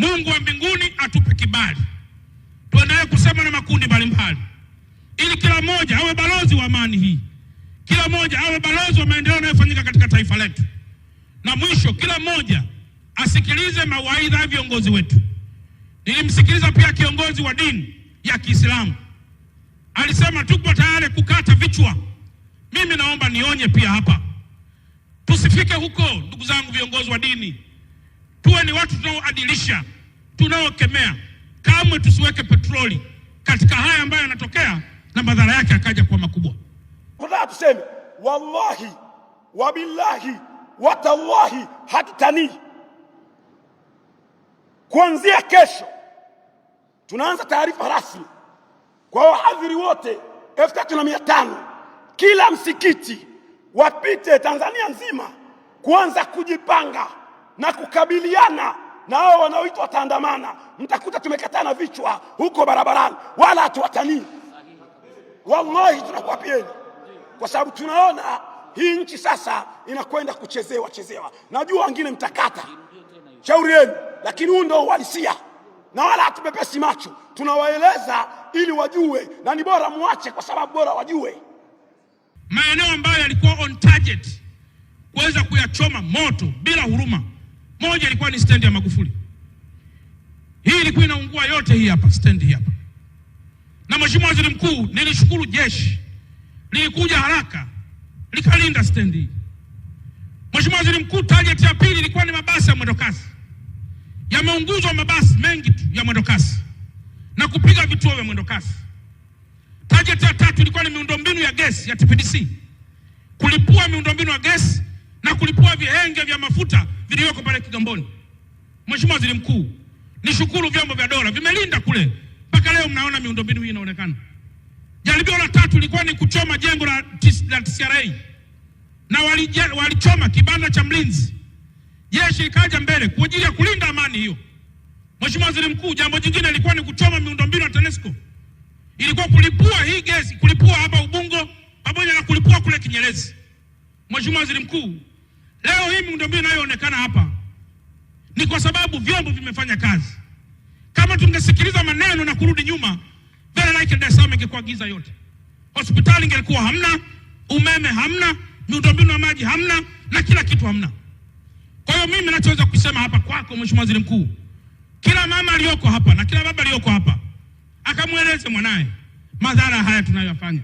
Mungu wa mbinguni atupe kibali tuendelee kusema na makundi mbalimbali, ili kila mmoja awe balozi wa amani hii, kila mmoja awe balozi wa maendeleo yanayofanyika katika taifa letu, na mwisho, kila mmoja asikilize mawaidha ya viongozi wetu. Nilimsikiliza pia kiongozi wa dini ya Kiislamu alisema tupo tayari kukata vichwa. Mimi naomba nionye pia hapa, tusifike huko, ndugu zangu viongozi wa dini tuwe ni watu tunaoadilisha, tunaokemea. Kamwe tusiweke petroli katika haya ambayo yanatokea na madhara yake akaja kuwa makubwa. Tunataka tuseme wallahi wabillahi watallahi, hatutanii. Kuanzia kesho tunaanza taarifa rasmi kwa wahadhiri wote elfu tatu na mia tano kila msikiti, wapite Tanzania nzima kuanza kujipanga na kukabiliana na hao wanaoitwa wataandamana, mtakuta tumekatana vichwa huko barabarani, wala hatuwatanii. Wallahi, tunakuapieni kwa sababu tunaona hii nchi sasa inakwenda kuchezewa chezewa. Najua wengine mtakata, shauri yenu, lakini huu ndio uhalisia na wala hatupepesi macho, tunawaeleza ili wajue, na ni bora muache, kwa sababu bora wajue maeneo ambayo yalikuwa on target kuweza kuyachoma moto bila huruma. Moja ilikuwa ni stendi ya Magufuli, hii ilikuwa inaungua yote, hii hapa stendi hii hapa. Na Mheshimiwa Waziri Mkuu, nilishukuru jeshi lilikuja haraka likalinda stendi hii. Mheshimiwa Waziri Mkuu, target ya pili ilikuwa ni mabasi ya mwendokasi. Yameunguzwa mabasi mengi tu ya mwendokasi na kupiga vituo vya mwendokasi. Target ya tatu ilikuwa ni miundombinu ya gesi ya TPDC, kulipua miundombinu ya gesi na kulipua vihenge vya mafuta vilivyoko pale Kigamboni. Mheshimiwa Waziri Mkuu, nishukuru vyombo vya dola vimelinda kule mpaka leo, mnaona miundombinu hii inaonekana. Jaribio la tatu lilikuwa ni kuchoma jengo la TCRA na walichoma wali kibanda cha mlinzi, jeshi likaja mbele kwa ajili ya kulinda amani hiyo. Mheshimiwa Waziri Mkuu, jambo jingine lilikuwa ni kuchoma miundombinu ya TANESCO, ilikuwa kulipua hii gesi, kulipua hapa Ubungo pamoja na kulipua kule Kinyerezi. Mheshimiwa Waziri Mkuu, Leo hii miundombinu inayoonekana hapa ni kwa sababu vyombo vimefanya kazi. Kama tungesikiliza maneno na kurudi nyuma, very likely Dar es Salaam ingekuwa giza yote. Hospitali ingelikuwa hamna, umeme hamna, miundombinu ya maji hamna, na kila kitu hamna. Kwa hiyo mimi nachoweza kusema hapa kwako, Mheshimiwa Waziri Mkuu, kila mama aliyoko hapa na kila baba aliyoko hapa akamweleze mwanaye madhara haya tunayoyafanya,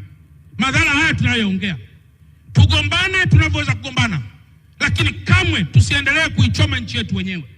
madhara haya tunayoongea, tugombane tunavyoweza kamwe tusiendelee kuichoma nchi yetu wenyewe.